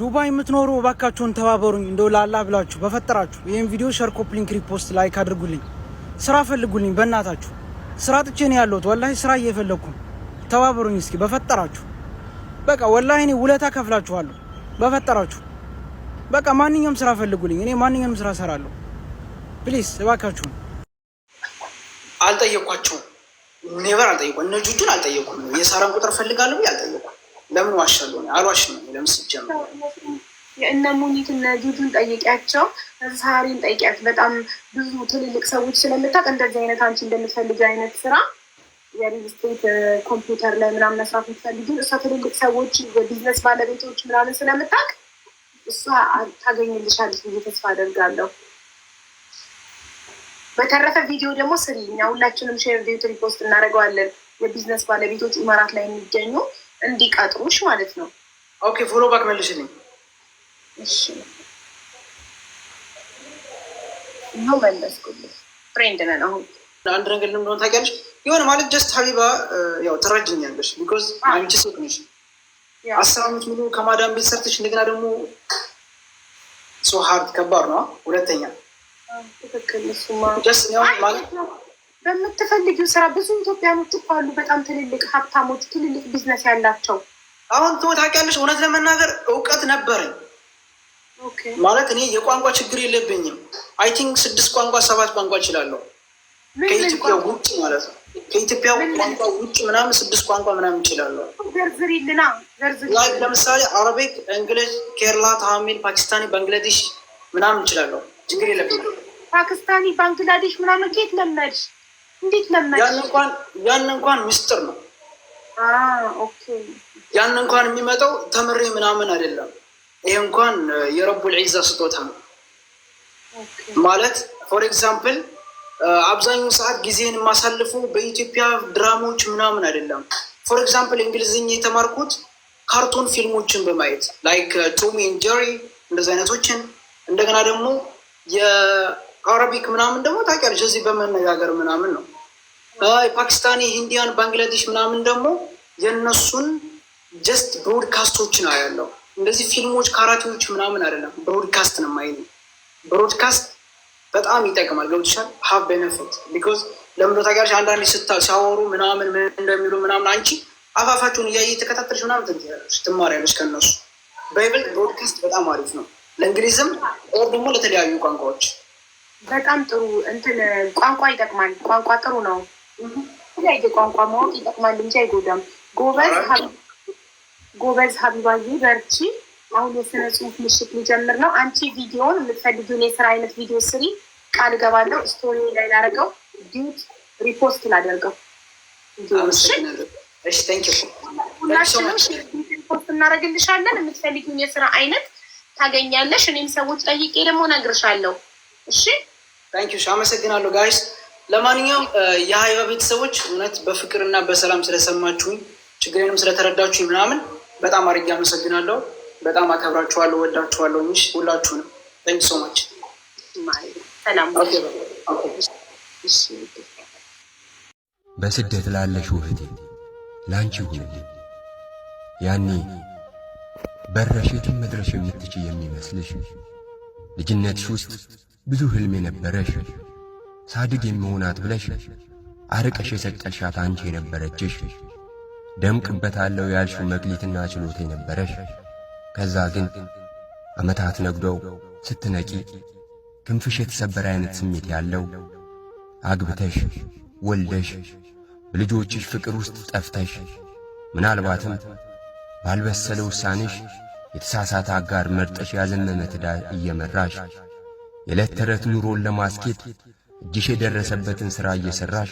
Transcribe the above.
ዱባይ የምትኖሩ እባካችሁን ተባበሩኝ፣ እንደው ላላ ብላችሁ በፈጠራችሁ ይህም ቪዲዮ ሸር፣ ኮፒ ሊንክ፣ ሪፖስት ላይክ አድርጉልኝ። ስራ ፈልጉልኝ በእናታችሁ። ስራ ጥቼ ነው ያለሁት ወላሂ፣ ስራ እየፈለግኩ ተባበሩኝ እስኪ በፈጠራችሁ። በቃ ወላሂ እኔ ውለታ ከፍላችኋለሁ በፈጠራችሁ። በቃ ማንኛውም ስራ ፈልጉልኝ፣ እኔ ማንኛውም ስራ ሰራለሁ። ፕሊስ እባካችሁን። አልጠየኳችሁም፣ ኔቨር አልጠየኳ እነ ጁጁን አልጠየኩም። የሳራን ቁጥር ፈልጋለሁ አልጠየኩም። ለምን ዋሻለሁ? አልዋሽ ነው። ለምን ሲጀምር የእነ ሙኒት እነ ጁጁን ጠይቂያቸው፣ ሳሪን ጠይቂያቸው። በጣም ብዙ ትልልቅ ሰዎች ስለምታውቅ እንደዚህ አይነት አንቺ እንደምትፈልጊ አይነት ስራ የሪልስቴት ኮምፒውተር ላይ ምናምን መስራት የምትፈልጊ እሷ ትልልቅ ሰዎች የቢዝነስ ባለቤቶች ምናምን ስለምታውቅ እሷ ታገኝልሻለች ብዬ ተስፋ አደርጋለሁ። በተረፈ ቪዲዮ ደግሞ ስሪ፣ እኛ ሁላችንም ሼር ሪፖስት እናደርገዋለን። የቢዝነስ ባለቤቶች ኢማራት ላይ የሚገኙ እንዲቀጥሩሽ ማለት ነው። ኦኬ ፎሎ ባክ መልሽልኝ። እሺ ነው መለስኩልሽ። ፍሬንድ ነን አሁን። አንድ ነገር ልምድ ሆነ ታውቂያለሽ። የሆነ ማለት ጀስት ሀቢባ ያው ትረጅኛለሽ። ቢኮዝ አንቺ ሴት ነሽ። አስር አመት ሙሉ ከማዳም ቤት ሰርተሽ እንደገና ደግሞ ሶ ሀርድ ከባድ ነው። ሁለተኛ ትክክል። እሱማ ጀስት ማለት ነው በምትፈልጊው ስራ ብዙ ኢትዮጵያኖች እኮ አሉ፣ በጣም ትልልቅ ሀብታሞች፣ ትልልቅ ቢዝነስ ያላቸው። አሁን ታውቂያለሽ፣ እውነት ለመናገር እውቀት ነበረኝ ማለት እኔ የቋንቋ ችግር የለብኝም። አይ ቲንክ ስድስት ቋንቋ ሰባት ቋንቋ እችላለሁ፣ ከኢትዮጵያ ውጭ ማለት ነው። ከኢትዮጵያ ቋንቋ ውጭ ምናምን ስድስት ቋንቋ ምናምን እችላለሁ። ዘርዝሪልና ላይ ለምሳሌ አረቢክ፣ እንግሊዝ፣ ኬርላ፣ ታሚል፣ ፓኪስታኒ፣ ባንግላዴሽ ምናምን እችላለሁ። ችግር የለብኝም። ፓኪስታኒ፣ ባንግላዴሽ ምናምን ኬት ለመድሽ እንዴት ለመ ያን እንኳን ምስጢር ነው። ያን እንኳን የሚመጣው ተምሬ ምናምን አይደለም። ይሄ እንኳን የረቡል ዒዛ ስጦታ ነው ማለት ፎር ኤግዛምፕል አብዛኛው ሰዓት ጊዜን የማሳልፉ በኢትዮጵያ ድራማዎች ምናምን አይደለም። ፎር ኤግዛምፕል እንግሊዝኛ የተማርኩት ካርቱን ፊልሞችን በማየት ላይክ ቶሚ ኤንድ ጀሪ እንደዚህ አይነቶችን እንደገና ደግሞ አረቢክ ምናምን ደግሞ ታውቂያለሽ፣ እዚህ በመነጋገር ምናምን ነው። ፓኪስታኒ፣ ሂንዲያን፣ ባንግላዴሽ ምናምን ደግሞ የእነሱን ጀስት ብሮድካስቶች ነው ያለው። እንደዚህ ፊልሞች፣ ካራቲዎች ምናምን አይደለም፣ ብሮድካስት ነው ማይ ብሮድካስት በጣም ይጠቅማል። ገብቶሻል? ሀብ ቤነፊት ቢኮዝ ለምዶ ታውቂያለሽ፣ አንዳንድ ሲያወሩ ምናምን ምን እንደሚሉ ምናምን አንቺ አፋፋቸውን እያየ የተከታተልሽ ምናምን ትንትያለሽ፣ ትማሪያለሽ ከእነሱ በይበልጥ ብሮድካስት በጣም አሪፍ ነው ለእንግሊዝም ኦር ደግሞ ለተለያዩ ቋንቋዎች በጣም ጥሩ እንትን ቋንቋ ይጠቅማል። ቋንቋ ጥሩ ነው። የተለያየ ቋንቋ ማወቅ ይጠቅማል እንጂ አይጎዳም። ጎበዝ ጎበዝ ሀቢባዬ በርቺ። አሁን የስነ ጽሁፍ ምሽት ሊጀምር ነው። አንቺ ቪዲዮን የምትፈልጊውን የስራ አይነት ቪዲዮ ስሪ። ቃል ገባለው። ስቶሪ ላይ ላደርገው፣ ዲዩት ሪፖስት ላደርገው። ሁላችንም ሪፖስት እናደርግልሻለን። የምትፈልጊውን የስራ አይነት ታገኛለሽ። እኔም ሰዎች ጠይቄ ደግሞ እነግርሻለሁ። እሺ ታንኪዩ አመሰግናለሁ ጋይስ። ለማንኛውም የሀይባ ቤተሰቦች እውነት በፍቅርና በሰላም ስለሰማችሁኝ ችግሬንም ስለተረዳችሁኝ ምናምን በጣም አድርጌ አመሰግናለሁ። በጣም አከብራችኋለሁ፣ ወዳችኋለሁ። ሚሽ ሁላችሁንም ታንኪ ሶ ማች። በስደት ላለሽ ውህቴ ለአንቺ ይሁንልኝ። ያኔ በረሽ መድረሽ የምትች የሚመስልሽ ልጅነትሽ ውስጥ ብዙ ህልም የነበረሽ ሳድግ የምሆናት ብለሽ አርቀሽ የሰቀልሻት አንቺ የነበረችሽ ደምቅበታለሁ ያልሽው መክሊትና ችሎት የነበረሽ ከዛ ግን ዓመታት ነግደው ስትነቂ ክንፍሽ የተሰበረ አይነት ስሜት ያለው አግብተሽ ወልደሽ በልጆችሽ ፍቅር ውስጥ ጠፍተሽ ምናልባትም ባልበሰለ ውሳኔሽ የተሳሳተ አጋር መርጠሽ ያዘመመ ትዳር እየመራሽ የዕለት ተዕለት ኑሮን ለማስኬት እጅሽ የደረሰበትን ሥራ እየሠራሽ